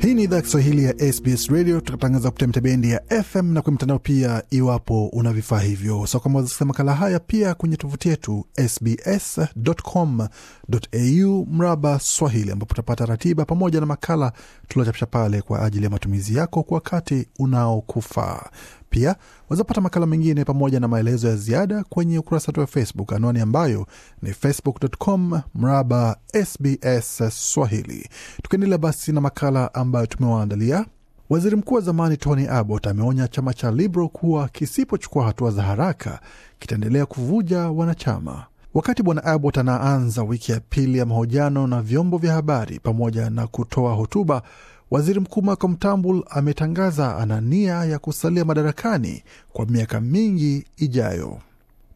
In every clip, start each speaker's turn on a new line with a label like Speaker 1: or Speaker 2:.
Speaker 1: Hii ni idhaa Kiswahili ya SBS Radio, tukatangaza kupitia mitabendi ya FM na kwenye mtandao pia, iwapo una vifaa hivyo. So kwamba wazasikiza makala haya pia kwenye tovuti yetu sbs.com.au mraba Swahili, ambapo utapata ratiba pamoja na makala tuliochapisha pale kwa ajili ya matumizi yako kwa wakati unaokufaa. Pia wazapata makala mengine pamoja na maelezo ya ziada kwenye ukurasa wetu wa Facebook, anwani ambayo ni facebook.com mraba SBS Swahili. Tukiendelea basi na makala ambayo tumewaandalia. Waziri mkuu wa zamani Tony Abbott ameonya chama cha Liberal kuwa kisipochukua hatua za haraka kitaendelea kuvuja wanachama. Wakati bwana Abbott anaanza wiki ya pili ya mahojiano na vyombo vya habari pamoja na kutoa hotuba, waziri mkuu Malcolm Turnbull ametangaza ana nia ya kusalia madarakani kwa miaka mingi ijayo.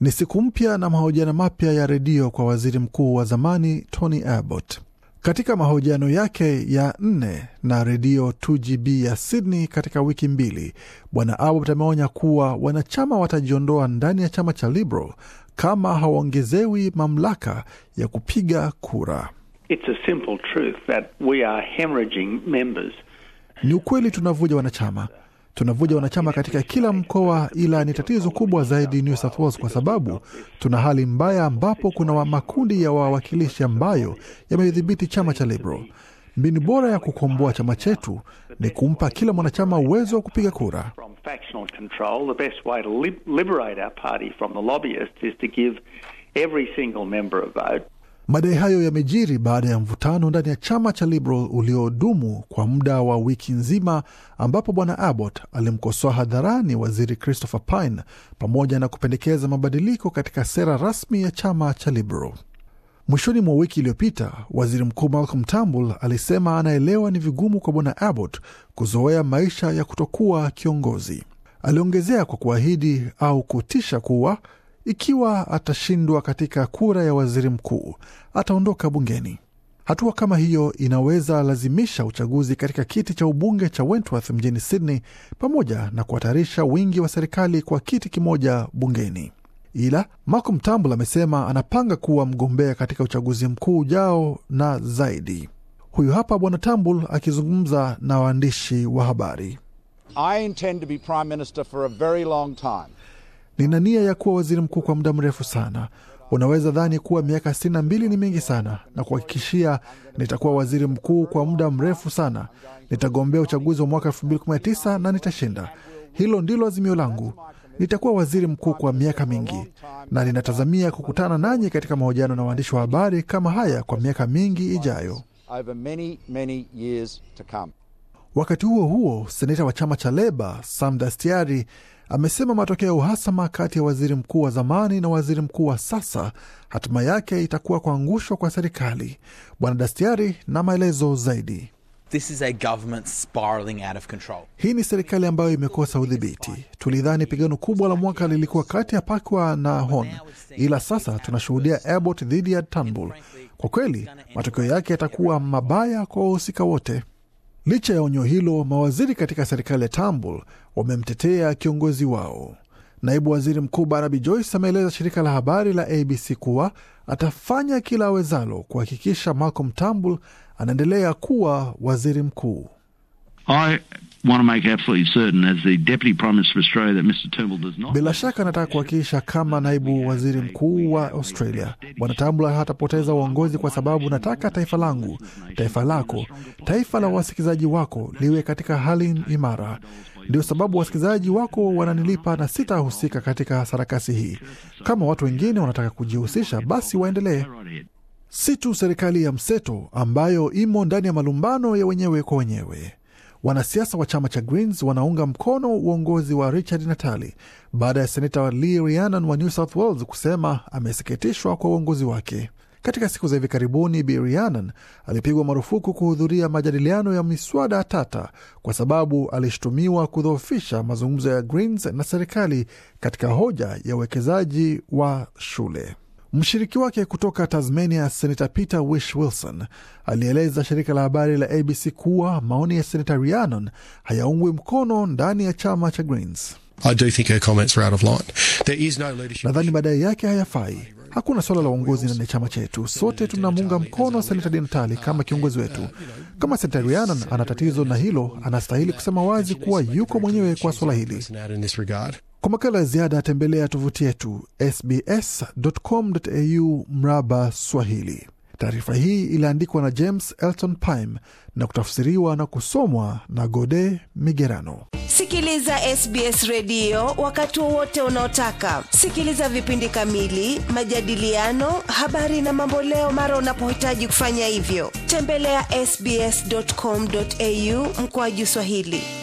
Speaker 1: Ni siku mpya na mahojiano mapya ya redio kwa waziri mkuu wa zamani Tony Abbott. Katika mahojiano yake ya nne na redio 2GB ya Sydney katika wiki mbili, Bwana Abbott ameonya kuwa wanachama watajiondoa ndani ya chama cha Liberal kama hawaongezewi mamlaka ya kupiga kura. It's a simple truth that we are hemorrhaging members. Ni ukweli tunavuja wanachama Tunavuja wanachama katika kila mkoa, ila ni tatizo kubwa zaidi New South Wales kwa sababu tuna hali mbaya ambapo kuna makundi ya wawakilishi ambayo yamedhibiti chama cha Liberal. Mbinu bora ya kukomboa chama chetu ni kumpa kila mwanachama uwezo wa kupiga kura. Madai hayo yamejiri baada ya mvutano ndani ya chama cha Liberal uliodumu kwa muda wa wiki nzima, ambapo bwana Abbott alimkosoa hadharani waziri Christopher Pine pamoja na kupendekeza mabadiliko katika sera rasmi ya chama cha Liberal. Mwishoni mwa wiki iliyopita, waziri mkuu Malcolm Turnbull alisema anaelewa ni vigumu kwa bwana Abbott kuzoea maisha ya kutokuwa kiongozi. Aliongezea kwa kuahidi au kutisha kuwa ikiwa atashindwa katika kura ya waziri mkuu, ataondoka bungeni. Hatua kama hiyo inaweza lazimisha uchaguzi katika kiti cha ubunge cha Wentworth mjini Sydney, pamoja na kuhatarisha wingi wa serikali kwa kiti kimoja bungeni. Ila Malcolm Turnbull amesema anapanga kuwa mgombea katika uchaguzi mkuu ujao na zaidi. Huyu hapa Bwana Turnbull akizungumza na waandishi wa habari. I intend to be prime minister for a very long time. Nina nia ya kuwa waziri mkuu kwa muda mrefu sana. Unaweza dhani kuwa miaka sitini na mbili ni mingi sana, na kuhakikishia nitakuwa waziri mkuu kwa muda mrefu sana. Nitagombea uchaguzi wa mwaka elfu mbili kumi na tisa na nitashinda. Hilo ndilo azimio langu. Nitakuwa waziri mkuu kwa miaka mingi, na ninatazamia kukutana nanyi katika mahojiano na waandishi wa habari kama haya kwa miaka mingi ijayo. Wakati huo huo, seneta wa chama cha Leba Sam Dastiari amesema matokeo ya uhasama kati ya waziri mkuu wa zamani na waziri mkuu wa sasa hatima yake itakuwa kuangushwa kwa serikali. Bwana Dastiari na maelezo zaidi. This is a government spiraling out of control. Hii ni serikali ambayo imekosa udhibiti. Tulidhani pigano kubwa la mwaka lilikuwa kati ya Pakwa na Hon, ila sasa tunashuhudia Abbott dhidi ya Turnbull. Kwa kweli matokeo yake yatakuwa mabaya kwa wahusika wote. Licha ya onyo hilo, mawaziri katika serikali ya Tambul wamemtetea kiongozi wao. Naibu waziri mkuu Barabi Joyce ameeleza shirika la habari la ABC kuwa atafanya kila awezalo kuhakikisha Malcolm Tambul anaendelea kuwa waziri mkuu. I want to make absolutely certain as the Deputy Prime Minister of Australia that Mr Turnbull does not. Bila shaka anataka kuhakikisha kama naibu waziri mkuu wa Australia Bwana tambla hatapoteza uongozi, kwa sababu nataka taifa langu, taifa lako, taifa la wasikilizaji wako liwe katika hali imara. Ndio sababu wasikilizaji wako wananilipa na sitahusika katika sarakasi hii. Kama watu wengine wanataka kujihusisha, basi waendelee. Si tu serikali ya mseto ambayo imo ndani ya malumbano ya wenyewe kwa wenyewe Wanasiasa wa chama cha Greens wanaunga mkono uongozi wa Richard Natali baada ya senata Lee Rhiannon wa New South Wales kusema amesikitishwa kwa uongozi wake. Katika siku za hivi karibuni, Bi Rhiannon alipigwa marufuku kuhudhuria majadiliano ya miswada tata kwa sababu alishutumiwa kudhoofisha mazungumzo ya Greens na serikali katika hoja ya uwekezaji wa shule. Mshiriki wake kutoka Tasmania, Senata Peter Wish Wilson alieleza shirika la habari la ABC kuwa maoni ya Senata Rhiannon hayaungwi mkono ndani ya chama cha Greens. Nadhani madai yake hayafai. Hakuna swala la uongozi ndani ya chama chetu. Sote tunamuunga mkono senata Dinatali kama kiongozi wetu. Kama senata Rhiannon ana tatizo na hilo, anastahili kusema wazi kuwa yuko mwenyewe kwa swala hili. Kwa makala ya ziada tembelea tovuti yetu sbs.com.au mraba Swahili. Taarifa hii iliandikwa na James Elton Pime na kutafsiriwa na kusomwa na Gode Migerano. Sikiliza SBS redio wakati wowote unaotaka. Sikiliza vipindi kamili, majadiliano, habari na mamboleo mara unapohitaji kufanya hivyo. Tembelea ya sbs.com.au mkoaji Swahili.